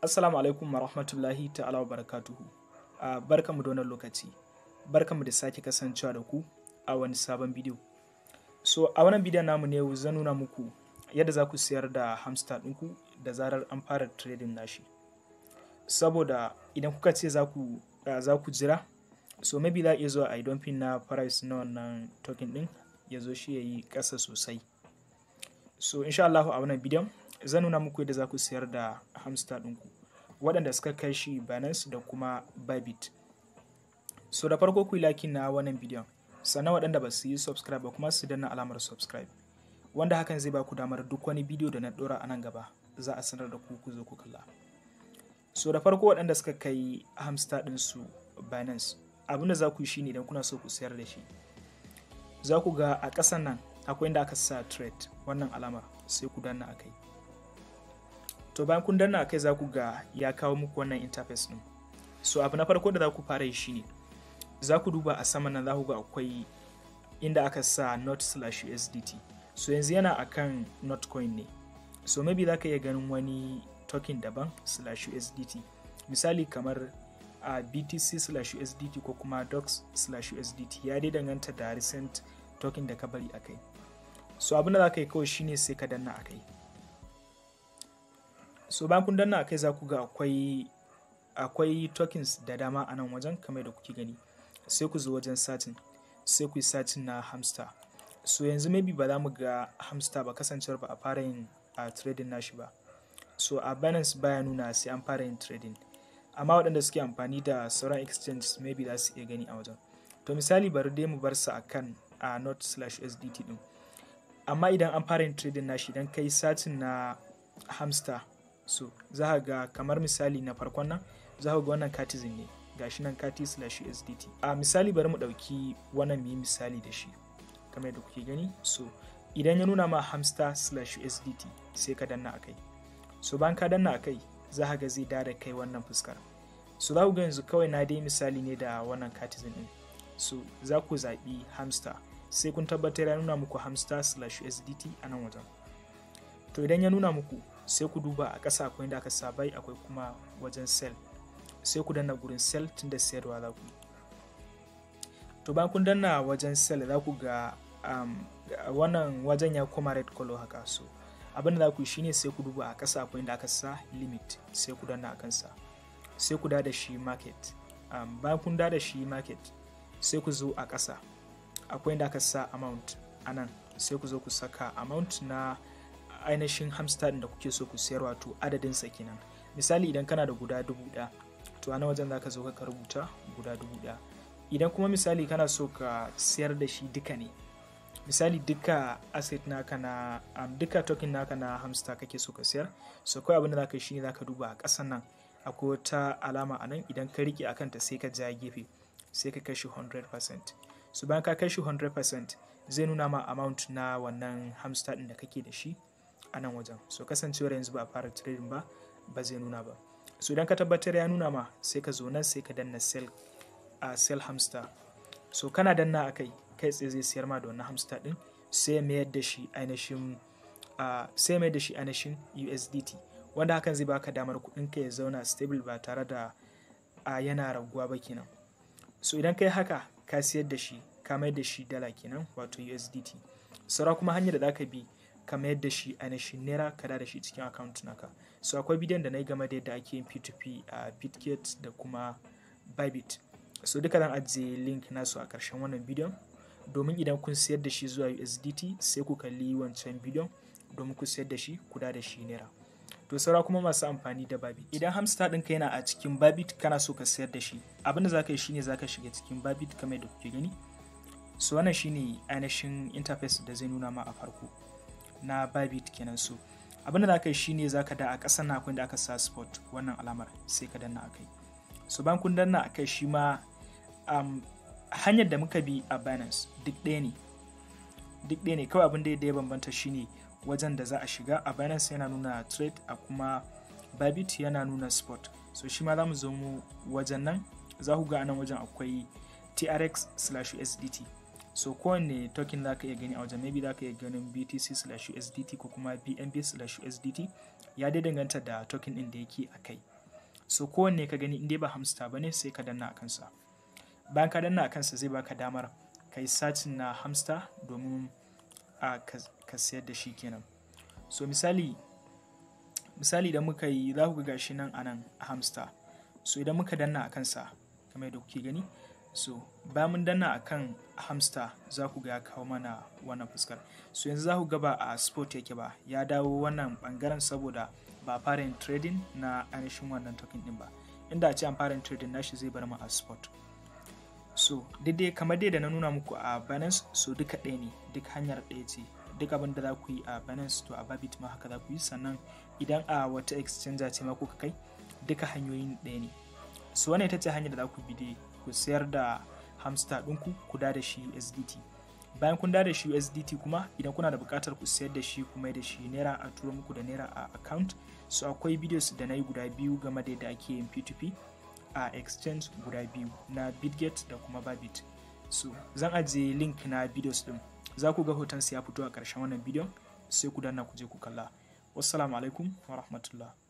Assalamu alaikum wa rahmatullahi ta'ala wa barakatuhu. Uh, barkanmu da lokaci lokaci. mu da sake kasancewa da ku a wani sabon bidiyo. So a wannan bidiyon namu ne zan nuna muku yadda za ku siyar da hamster ɗinku da zarar an fara trading nashi. Saboda idan kuka ce za ku ah, jira so maybe za iya zuwa a don pin na price na wannan token ɗin ya zo shi ya yi ƙasa sosai. So insha Allah a wannan bidiyon zan nuna muku yadda za ku sayar da hamster ɗinku waɗanda suka kai shi Binance da kuma Bybit. So da farko ku yi laki na wannan bidiyon sannan waɗanda ba su yi subscribe ba kuma su danna alamar subscribe wanda hakan zai ba ku damar duk wani bidiyo da na ɗora a nan gaba za a sanar da ku ku zo ku kalla. So da farko waɗanda suka kai hamster su Binance abinda za ku yi shi ne idan kuna so ku sayar da shi. Za ku ga a ƙasan nan akwai inda aka sa trade wannan alamar sai ku danna a kai. to bayan kun danna kai za ku ga ya kawo muku wannan interface din so abu na farko da za ku fara yi shine za ku duba a sama nan za ku ga akwai inda aka sa not slash usdt so yanzu yana akan not coin ne so maybe za ka iya ganin wani token daban slash usdt misali kamar a uh, btc slash usdt ko kuma docs slash usdt ya dai danganta da recent token da ka bari a kai so abin da za ka yi kawai shine sai ka danna a kai so bayan kun danna kai za ku ga akwai akwai tokens da dama a nan wajen kamar da kuke gani sai ku zo wajen satin sai ku yi satin na hamster so yanzu maybe ba za mu ga hamster ba kasancewar ba a fara yin a trading nashi ba so a binance baya nuna sai an fara yin trading amma waɗanda suke amfani da sauran exchanges maybe za su iya gani a wajen to misali bari dai mu bar sa akan a not slash sdt din amma idan an fara yin trading nashi idan kai satin na hamster so za ka ga kamar misali na farkon nan za ka ga wannan katizin ne ga shi nan kati slash a misali bari mu dauki wannan mu misali da shi kamar yadda kuke gani so idan ya nuna ma hamster slash sai ka danna akai so bayan ka danna akai za ka ga zai dare kai wannan fuskar so za ku ga yanzu kawai na dai misali ne da wannan katizin din so za ku zaɓi hamster sai kun tabbatar ya nuna muku hamster slash sdt a nan wajen to idan ya nuna muku sai ku duba a ƙasa akwai inda aka sabai bai akwai kuma wajen sell sai ku danna gurin sell da sayarwa za ku to bayan kun danna wajen sell za ku ga um, wannan wajen ya koma red color haka so abin da za ku yi shine sai ku duba a ƙasa akwai inda aka sa limit sai ku danna a kansa sai ku da shi market um, bayan kun da shi market sai ku zo a ƙasa akwai inda aka sa amount anan sai ku zo ku saka amount na ainihin hamster da kuke so ku sayar wato adadin sa kenan misali idan kana da guda dubu ɗaya to ana wajen zaka zo ka rubuta guda dubu ɗaya idan kuma misali kana so ka sayar da shi duka ne misali duka asset naka na um, duka token naka na hamster kake so ka sayar so kawai abin da zaka yi shine zaka duba a ƙasan nan akwai wata alama a nan idan ka rike akan ta sai ka ja gefe sai ka kashi 100% so bayan ka kashi 100% zai nuna ma amount na wannan hamster din da kake da shi a nan wajen so kasancewar yanzu ba a fara trading ba ba zai nuna ba so idan ka tabbatar ya nuna ma sai ka zo nan sai ka danna sell a sell hamster so kana danna a kai kai tsaye zai siyar ma da wannan hamster din sai mayar da shi ainihin sai shi ainihin USDT wanda hakan zai baka damar kuɗin ka ya zauna stable ba tare da a yana raguwa ba kenan so idan kai haka ka siyar da shi ka mayar da shi dala kenan wato USDT saura kuma hanyar da ka bi ka mayar da shi a ainihin naira ka da shi cikin account naka so akwai bidiyon da na yi game da yadda ake yin p2p a bitget da kuma bybit so duka zan ajiye link nasu a ƙarshen wannan bidiyon domin idan kun sayar da shi zuwa usdt sai ku kalli wancan bidiyon domin ku sayar da shi kuda da shi naira to saura kuma masu amfani da babit idan hamsta ɗinka yana a cikin babit kana so ka sayar da shi abin da zaka yi shine zaka shiga cikin babit kamar da kuke gani so wannan shine ainihin interface da zai nuna ma a farko na babit kenan su abin da za ka yi shine za ka da a ƙasar na akwai da aka sa spot wannan alamar sai ka danna a kai so bayan kun danna kai shi ma hanyar da muka bi a Binance duk ɗaya ne duk ɗaya ne kawai abin da ya bambanta shine wajen da za a shiga a Binance yana nuna trade a kuma babit yana nuna spot so shi ma za mu zo mu wajen nan za ku ga anan wajen akwai trx sdt so kowane token za ka iya gani a wajen maybe za ka iya ganin btc slash usdt ko kuma bnb slash usdt ya dai danganta da token ɗin da yake a kai so kowanne ka gani inda ba hamster ba ne sai ka danna a kansa bayan ka danna a kansa zai baka damar ka yi sacin na hamster domin a ka sayar da shi kenan so misali misali da muka yi za ku ga shi nan a nan a hamster so idan muka danna a kansa kamar yadda kuke gani so bayan mun danna kan hamster za ku ga ya kawo mana wannan fuskar so yanzu za ku ga ba a sport yake ba ya dawo wannan bangaren saboda ba fara yin trading na ainihin wannan token din ba inda a ce an fara yin trading nashi zai bar mu a sport so daidai kamar dai da na nuna muku a binance so duka ɗaya ne duk hanyar ɗaya ce duk abin da za ku yi a binance to a babit ma haka za ku yi sannan idan a wata exchange ce ma kuka kai duka hanyoyin ɗaya ne so wannan ita ce hanyar da za ku bi dai ku sayar da hamster ɗinku ku da da shi USDT bayan kun da da shi USDT kuma idan kuna da buƙatar ku sayar da shi kuma da shi naira a turo muku da naira a account so akwai videos da na yi guda biyu game da yadda ake yin P2P a exchange guda biyu na Bitget da kuma Babit so zan ajiye link na videos ɗin za ku ga hoton su ya fito a ƙarshen wannan bidiyon sai ku danna ku je ku kalla wassalamu alaikum wa rahmatullah